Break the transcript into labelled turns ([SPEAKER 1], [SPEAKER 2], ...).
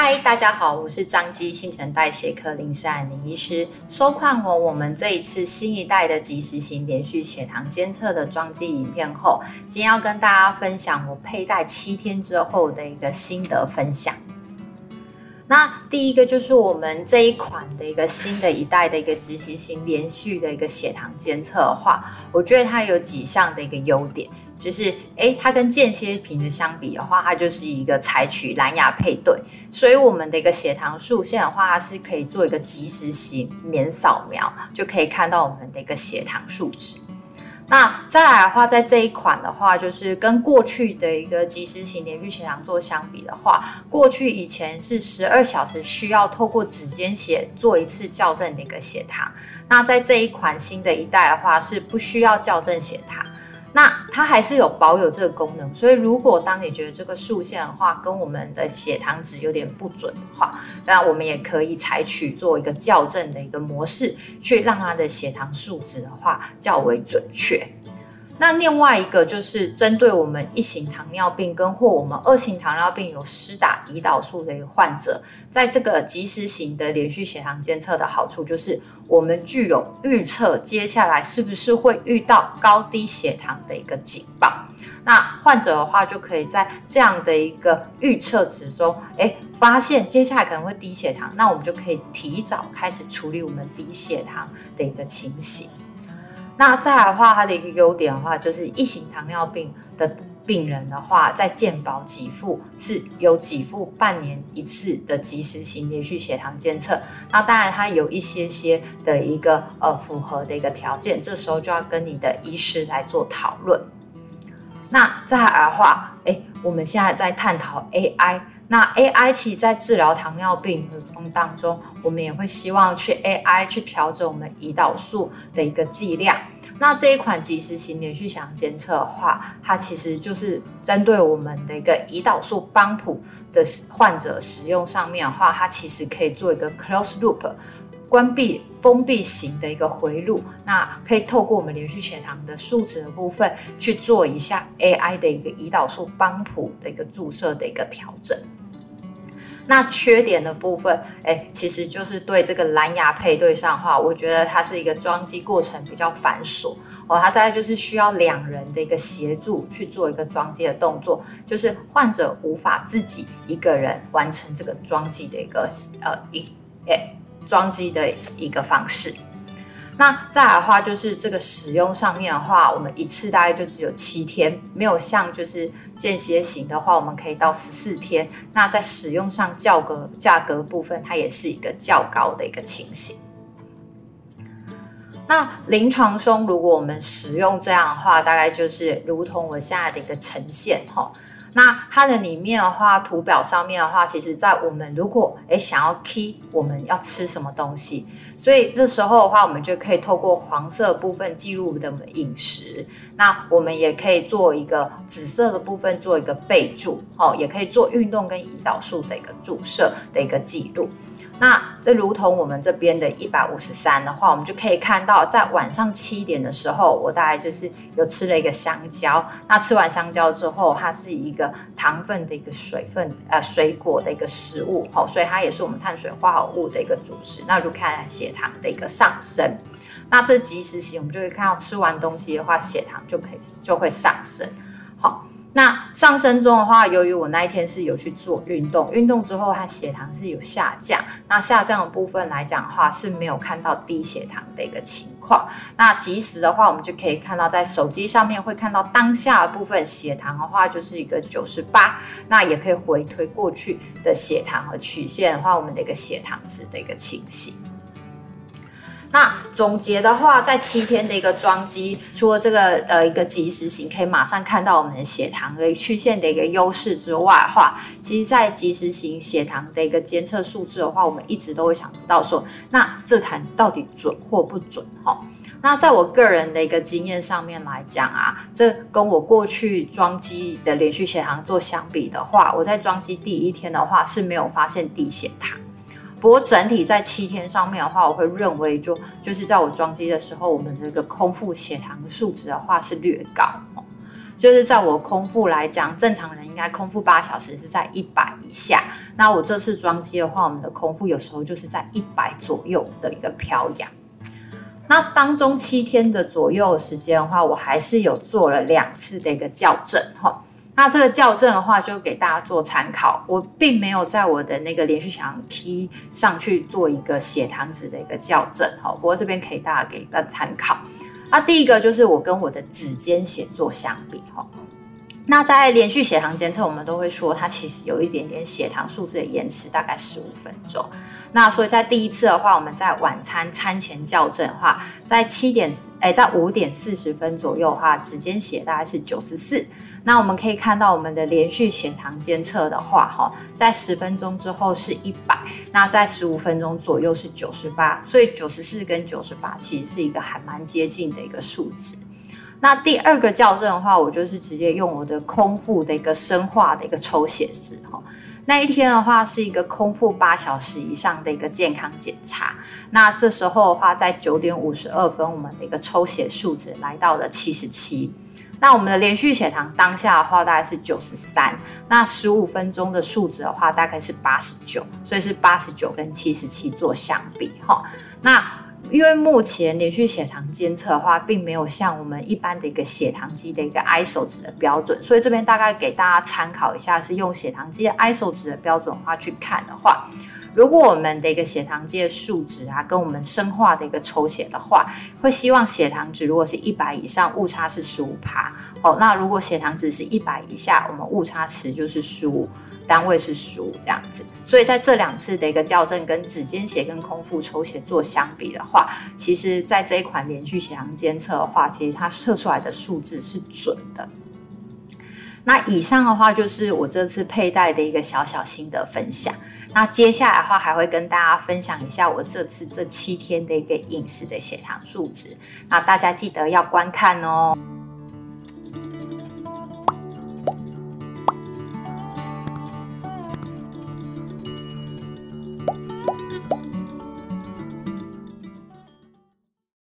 [SPEAKER 1] 嗨，Hi, 大家好，我是彰基新陳代謝科林思涵醫師。收看我我們這一次新一代的即時型連續血糖監測的裝機影片後，今天要跟大家分享我佩戴七天之後的一個心得分享。那第一個就是我們這一款的一個新的一代的一個即時型連續的一個血糖監測的話，我覺得它有幾項的一個優點。就是，哎，它跟間歇屏的相比的話，它就是一個採取藍牙配對，所以我們的一個血糖數線的話，它是可以做一個即時型免掃描，就可以看到我們的一個血糖數值。那再來的話，在這一款的話，就是跟過去的一個即時型連續血糖座相比的話，過去以前是十二小時需要透過指尖血做一次校正的一個血糖，那在這一款新的一代的話，是不需要校正血糖。那它還是有保有這個功能，所以如果當你覺得這個豎線的話跟我們的血糖值有點不準的話，那我們也可以採取做一個校正的一個模式，去讓它的血糖數值的話較為準確。那另外一個就是針對我們一型糖尿病跟或我們二型糖尿病有施打胰島素的一個患者，在這個即時型的連續血糖監測的好處就是，我們具有預測接下來是不是會遇到高低血糖的一個警報。那患者的話就可以在這樣的一個預測之中，哎，發現接下來可能會低血糖，那我們就可以提早開始處理我們低血糖的一個情形。那再來的話，它的一個優點的話，就是一型糖尿病的病人的話，在健保給付是有給付半年一次的即時型連續血糖監測。那當然它有一些些的一個呃符合的一個條件，這時候就要跟你的醫師來做討論。那再來的話，誒我們現在在探討 AI。那 AI 其實在治療糖尿病的當中，我們也會希望去 AI 去調整我們胰島素的一個劑量。那這一款即時型連續血糖監測的話，它其實就是針對我們的一個胰島素幫浦的使患者使用上面的話，它其實可以做一個 close loop。關閉封閉型的一個回路，那可以透過我們連續血糖的數值的部分去做一下 AI 的一個胰島素幫浦的一個注射的一個調整。那缺點的部分，哎、欸，其實就是對這個藍牙配對上的話，我覺得它是一個裝機過程比較繁瑣哦，它大概就是需要兩人的一個協助去做一個裝機的動作，就是患者無法自己一個人完成這個裝機的一個呃一哎。欸裝機的一個方式，那再來的話就是這個使用上面的話，我們一次大概就只有七天，沒有像就是間歇型的話，我們可以到十四天。那在使用上價格價格部分，它也是一個較高的一個情形。那臨床上，如果我們使用這樣的話，大概就是如同我現在的一個呈現哈。那它的裡面的話，圖表上面的話，其實在我們如果哎、欸、想要 key 我們要吃什麼東西，所以這時候的話，我們就可以透過黃色部分記錄我們的飲食。那我們也可以做一個紫色的部分做一個備註，哦，也可以做運動跟胰島素的一個注射的一個記錄。那這如同我們這邊的一百五十三的話，我們就可以看到，在晚上七點的時候，我大概就是有吃了一個香蕉。那吃完香蕉之後，它是一個糖分的一個水分，呃，水果的一個食物，吼、哦，所以它也是我們碳水化合物的一個主食。那我就看血糖的一個上升。那這即時型，我們就會看到吃完東西的話，血糖就可以就會上升。那上升中的話，由於我那一天是有去做運動，運動之後，它血糖是有下降。那下降的部分來講的話，是沒有看到低血糖的一個情況。那即時的話，我們就可以看到在手機上面會看到當下的部分血糖的話，就是一個九十八。那也可以回推過去的血糖和曲線的話，我們的一個血糖值的一個情形。那。總結的話，在七天的一個裝機，除了這個呃一個即時型可以馬上看到我們的血糖的曲線的一個優勢之外的話，其實在即時型血糖的一個監測數字的話，我們一直都會想知道說，那這台到底準或不準哈、哦？那在我個人的一個經驗上面來講啊，這跟我過去裝機的連續血糖做相比的話，我在裝機第一天的話是沒有發現低血糖。不過整體在七天上面的話，我會認為就就是在我裝機的時候，我們的那個空腹血糖的數值的話是略高。就是在我空腹來講，正常人應該空腹八小時是在一百以下。那我這次裝機的話，我們的空腹有時候就是在一百左右的一個飄揚。那當中七天的左右的時間的話，我還是有做了兩次的一個校正，好。那這個校正的話，就給大家做參考。我並沒有在我的那個連續血糖 T 上去做一個血糖值的一個校正。不過這邊可以大家給一個參考。那第一個就是我跟我的指尖血做相比。那在連續血糖監測，我們都會說它其實有一點點血糖數字的延遲，大概十五分鐘。那所以在第一次的話，我們在晚餐餐前校正的話，在七點哎，在五點四十分左右的話，指尖血大概是九十四。那我們可以看到我們的連續血糖監測的話，哈，在十分鐘之後是一百，那在十五分鐘左右是九十八，所以九十四跟九十八其實是一個還蠻接近的一個數值。那第二個校正的話，我就是直接用我的空腹的一個生化的一個抽血值，哈，那一天的話是一個空腹八小時以上的一個健康檢查，那這時候的話，在九點五十二分，我們的一個抽血數值來到了七十七。那我們的連續血糖當下的話，大概是九十三。那十五分鐘的數值的話，大概是八十九。所以是八十九跟七十七做相比，哈。那因為目前連續血糖監測的話，並沒有像我們一般的一個血糖機的一個 ISO 值的標準，所以這邊大概給大家參考一下，是用血糖機的 ISO 值的標準的話去看的話。如果我們的一個血糖計的數值啊，跟我們生化的一個抽血的話，會希望血糖值如果是一百以上，誤差是十五趴。哦，那如果血糖值是一百以下，我們誤差值就是十五，單位是十五這樣子。所以在這兩次的一個校正跟指尖血跟空腹抽血做相比的話，其實，在這一款連續血糖監測的話，其實它測出來的數字是準的。那以上的話就是我這次佩戴的一個小小心得分享。那接下來的話還會跟大家分享一下我這次這七天的一個飲食的血糖數值。那大家記得要觀看哦。